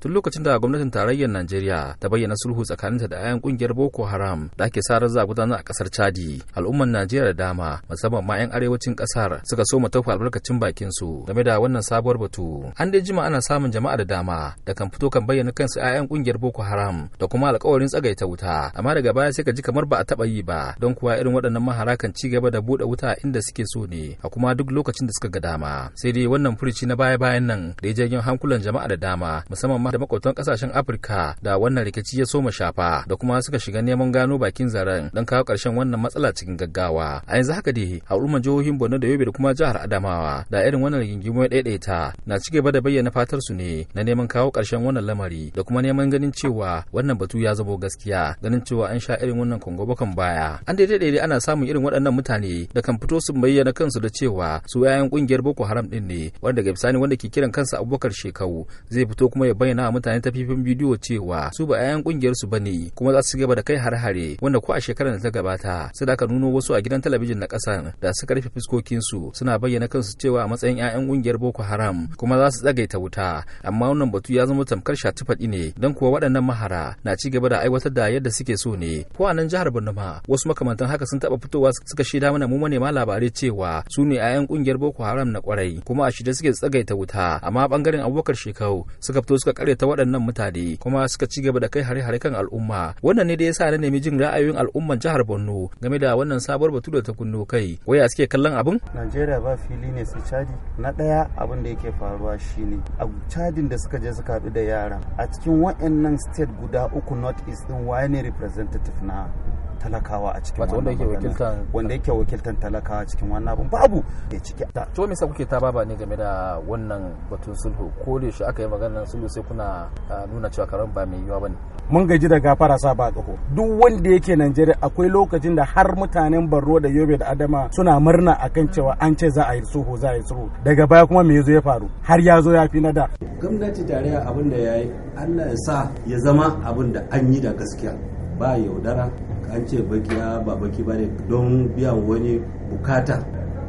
tun lokacin da gwamnatin tarayyar Najeriya ta bayyana sulhu tsakaninta da 'ayan kungiyar Boko Haram da ake sa ran za gudanar a kasar Chadi. Al'umman Najeriya da dama musamman ma 'yan arewacin kasar suka so tafa albarkacin bakin su game da wannan sabuwar batu. An dai jima ana samun jama'a da dama da kan fito kan bayyana kansu 'ya'yan kungiyar Boko Haram da kuma alkawarin tsagaita wuta amma daga baya sai ka ji kamar ba a taba yi ba don kuwa irin waɗannan mahara ci gaba da buɗe wuta inda suke so ne a kuma duk lokacin da suka ga dama. Sai dai wannan furici na baya-bayan nan da ya janyo hankulan jama'a da dama musamman da makwabtan kasashen Afirka da wannan rikici ya soma shafa da kuma suka shiga neman gano bakin zaren don kawo ƙarshen wannan matsala cikin gaggawa. A yanzu haka dai al'umman jihohin Borno da Yobe da kuma jihar Adamawa da irin wannan rigingimu ya daidaita na ci gaba da bayyana fatar su ne na neman kawo ƙarshen wannan lamari da kuma neman ganin cewa wannan batu ya zabo gaskiya ganin cewa an sha irin wannan kongo bakan baya. An daidai ana samun irin waɗannan mutane da kan fito su bayyana kansu da cewa su 'ya'yan ƙungiyar Boko Haram ɗin ne wanda daga bisani wanda ke kiran kansa Abubakar Shekau zai fito kuma ya bayyana bayyana a mutane ta fifin bidiyo cewa su ba 'ya'yan kungiyar su bane kuma za su gaba da kai har-hare wanda ko a shekarar da ta gabata sai da aka nuno wasu a gidan talabijin na kasar da suka rufe fuskokin su suna bayyana kansu cewa a matsayin 'ya'yan kungiyar Boko Haram kuma za su tsagaita wuta amma wannan batu ya zama tamkar shatifaɗi ne don kuwa waɗannan mahara na ci gaba da aiwatar da yadda suke so ne ko a nan jihar Borno ma wasu makamantan haka sun taɓa fitowa suka shaida mana mu manema labarai cewa su ne 'ya'yan kungiyar Boko Haram na kwarai kuma a shida suke tsagaita wuta amma bangaren Abubakar Shekau suka fito suka ta waɗannan mutane kuma suka ci gaba da kai hare-hare kan al'umma wannan ne da yasa na nemi jin ra'ayoyin al'umman jihar Borno game da wannan sabuwar batu da ta kunno kai waya suke kallon abin Najeriya ba fili ne sai cadi na ɗaya abin da yake faruwa shine a cadin da suka je suka haɗu da yara a cikin wa'annan state guda uku north east din waye ne representative na talakawa a cikin wanda yake wakilta wanda yake wakiltan talakawa cikin wannan abun babu da ciki to me yasa kuke ta baba ne game da wannan batun sulhu ko da shi aka yi maganar sulhu sai kuna suna ah, nuna cewa karon ba mai bane mun gaji da gafara sa ba tsoko duk wanda yake Najeriya akwai lokacin da har mutanen barro da Yobe da Adama suna murna akan cewa an ce za a yi suhu za a yi suhu daga baya kuma me yazo ya faru har ya zo ya fi na da gwamnati tarayya abin da yayi Allah ya sa ya zama abin da an yi da gaskiya ba yaudara an ce bakiya ah, ba baki bane don biyan wani bukata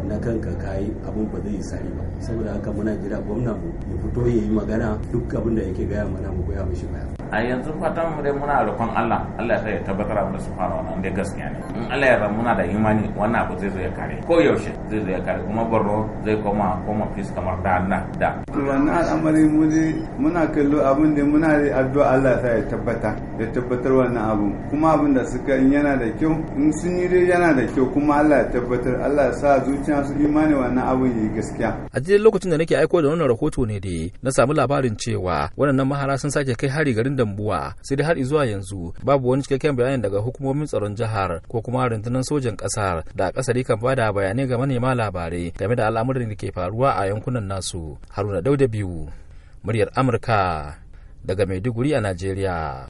na kanka kayi abin ba zai sani ba saboda haka muna jira gwamna mu ya fito ya yi magana duk abin da yake gaya mana mu goya mishi baya a yanzu fatan dai muna roƙon Allah Allah ya tabbatar mana subhanahu wa ta'ala dai gaskiya ne in Allah ya ramu na da imani wannan abu zai zo ya kare ko yaushe zai zo ya kare kuma barro zai koma koma fis kamar da na da wannan al'amari mu dai muna kallo abin da muna da addu'a Allah ya ya tabbata ya tabbatar wannan abu kuma abin da suka in yana da kyau in sun yi dai yana da kyau kuma Allah ya tabbatar Allah ya sa zuciya su imani wannan abin yi gaskiya a cikin lokacin da nake aiko da wannan rahoto ne dai na samu labarin cewa waɗannan mahara sun sake kai hari garin dambuwa sai dai har zuwa yanzu babu wani cikakken bayani daga hukumomin tsaron jihar ko kuma rundunar sojan kasar da kasari kan bada bayanai ga manema labarai game da al'amuran da ke faruwa a yankunan nasu haruna dauda biyu muryar amurka daga maiduguri a najeriya